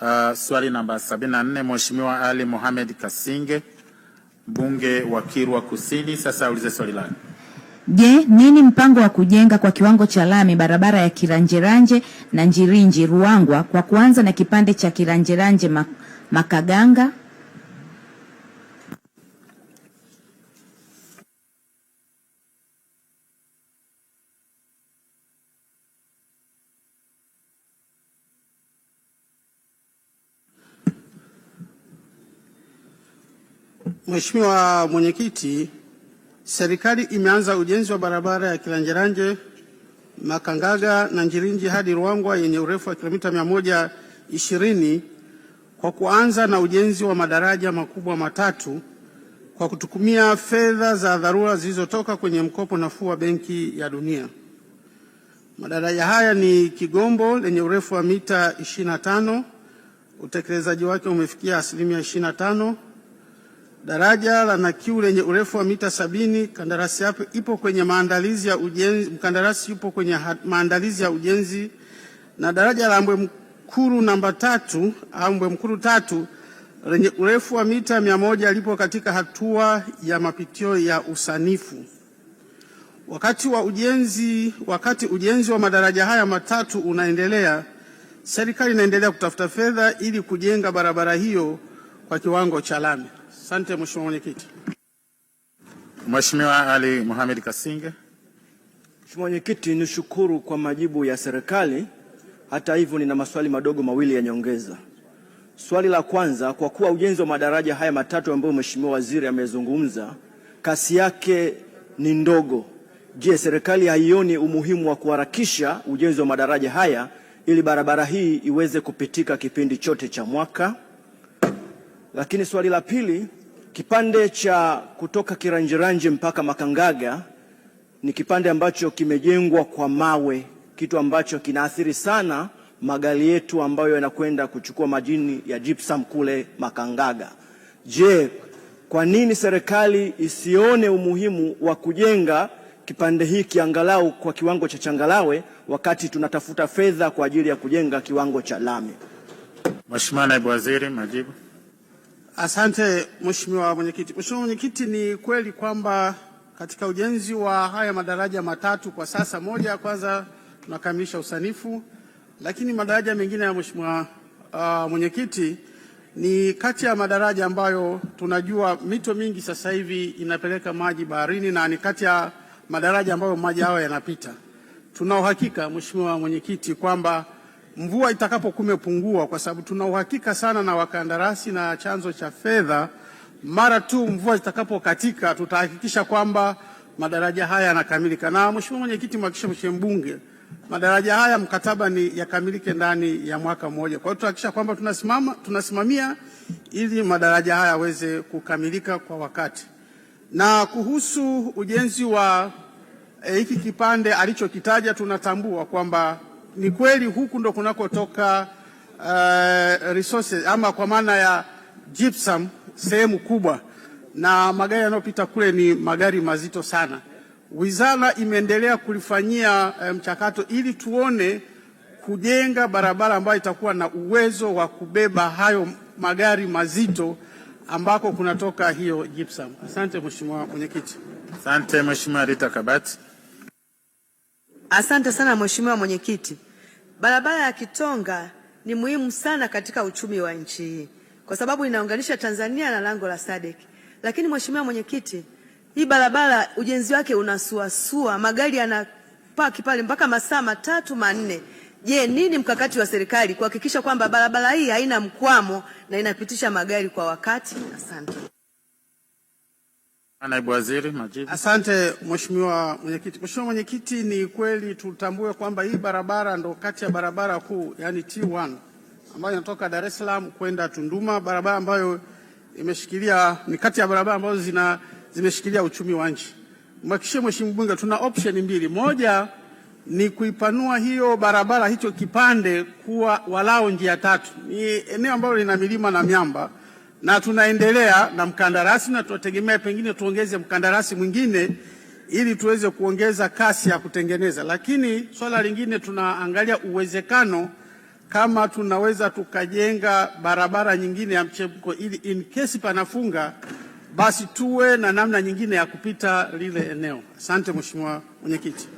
Uh, swali namba 74 Mheshimiwa Ali Mohamed Kasinge mbunge wa Kirwa Kusini, sasa aulize swali lake. Je, nini mpango wa kujenga kwa kiwango cha lami barabara ya Kiranjeranje na Njirinji Ruangwa kwa kuanza na kipande cha Kiranjeranje Makaganga Mheshimiwa Mwenyekiti, serikali imeanza ujenzi wa barabara ya Kilanjeranje Makangaga na Njirinji hadi Ruangwa yenye urefu wa kilomita 120 kwa kuanza na ujenzi wa madaraja makubwa matatu kwa kutumia fedha za dharura zilizotoka kwenye mkopo nafuu wa Benki ya Dunia. Madaraja haya ni Kigombo lenye urefu wa mita 25, utekelezaji wake umefikia asilimia 25 Daraja la Nakiu lenye urefu wa mita sabini, kandarasi ipo kwenye maandalizi ya ujenzi, mkandarasi yupo kwenye maandalizi ya ujenzi na daraja la Mkuru namba tatu au Mkuru tatu lenye urefu wa mita mia moja lipo katika hatua ya mapitio ya usanifu. Wakati wa ujenzi, wakati ujenzi wa madaraja haya matatu unaendelea, serikali inaendelea kutafuta fedha ili kujenga barabara hiyo kwa kiwango cha lami. Asante Mheshimiwa Mwenyekiti. Mheshimiwa Ali Mohamed Kasinge. Mheshimiwa Mwenyekiti, nishukuru kwa majibu ya serikali. Hata hivyo, nina maswali madogo mawili ya nyongeza. Swali la kwanza, kwa kuwa ujenzi wa madaraja haya matatu ambayo Mheshimiwa Waziri amezungumza kasi yake ni ndogo, je, serikali haioni umuhimu wa kuharakisha ujenzi wa madaraja haya ili barabara hii iweze kupitika kipindi chote cha mwaka? Lakini swali la pili, Kipande cha kutoka Kiranjiranje mpaka Makangaga ni kipande ambacho kimejengwa kwa mawe, kitu ambacho kinaathiri sana magari yetu ambayo yanakwenda kuchukua majini ya gypsum kule Makangaga. Je, kwa nini serikali isione umuhimu wa kujenga kipande hiki angalau kwa kiwango cha changalawe wakati tunatafuta fedha kwa ajili ya kujenga kiwango cha lami? Mheshimiwa Naibu Waziri, majibu. Asante Mheshimiwa Mwenyekiti. Mheshimiwa Mwenyekiti, ni kweli kwamba katika ujenzi wa haya madaraja matatu kwa sasa, moja ya kwanza tunakamilisha usanifu, lakini madaraja mengine ya Mheshimiwa uh, Mwenyekiti ni kati ya madaraja ambayo tunajua mito mingi sasa hivi inapeleka maji baharini na ni kati ya madaraja ambayo maji hayo yanapita. Tuna uhakika Mheshimiwa Mwenyekiti kwamba mvua itakapokuwa imepungua, kwa sababu tuna uhakika sana na wakandarasi na chanzo cha fedha. Mara tu mvua zitakapokatika, tutahakikisha kwamba madaraja haya yanakamilika. Na Mheshimiwa Mwenyekiti, mhakikishe Mheshimiwa Mbunge, madaraja haya mkataba ni yakamilike ndani ya mwaka mmoja. Kwa hiyo tutahakikisha kwamba tunasimama, tunasimamia ili madaraja haya yaweze kukamilika kwa wakati. Na kuhusu ujenzi wa eh, hiki e, kipande alichokitaja tunatambua kwamba ni kweli huku ndo kunakotoka uh, resources ama kwa maana ya gypsum sehemu kubwa, na magari yanayopita kule ni magari mazito sana. Wizara imeendelea kulifanyia eh, mchakato um, ili tuone kujenga barabara ambayo itakuwa na uwezo wa kubeba hayo magari mazito ambako kunatoka hiyo gypsum. Asante Mheshimiwa Mwenyekiti. Asante Mheshimiwa Rita Kabati. Asante sana Mheshimiwa Mwenyekiti. Barabara ya Kitonga ni muhimu sana katika uchumi wa nchi hii kwa sababu inaunganisha Tanzania na lango la SADC. Lakini Mheshimiwa Mwenyekiti, hii barabara ujenzi wake unasuasua, magari yanapaki pale mpaka masaa matatu manne. Je, nini mkakati wa serikali kuhakikisha kwamba barabara hii haina mkwamo na inapitisha magari kwa wakati? Asante. Naibu Waziri, majibu. Asante Mheshimiwa Mwenyekiti. Mheshimiwa Mwenyekiti, ni kweli tutambue kwamba hii barabara ndo kati ya barabara kuu yani T1 ambayo inatoka Dar es Salaam kwenda Tunduma, barabara ambayo imeshikilia ni kati ya barabara ambazo zina zimeshikilia uchumi wa nchi. Mhakikishie Mheshimiwa Mbunge, tuna option mbili. Moja ni kuipanua hiyo barabara hicho kipande kuwa walao njia tatu. Ni eneo ambalo lina milima na miamba na tunaendelea na mkandarasi na tunategemea pengine tuongeze mkandarasi mwingine ili tuweze kuongeza kasi ya kutengeneza. Lakini swala lingine tunaangalia uwezekano kama tunaweza tukajenga barabara nyingine ya mchepuko, ili in case panafunga basi tuwe na namna nyingine ya kupita lile eneo. Asante Mheshimiwa Mwenyekiti.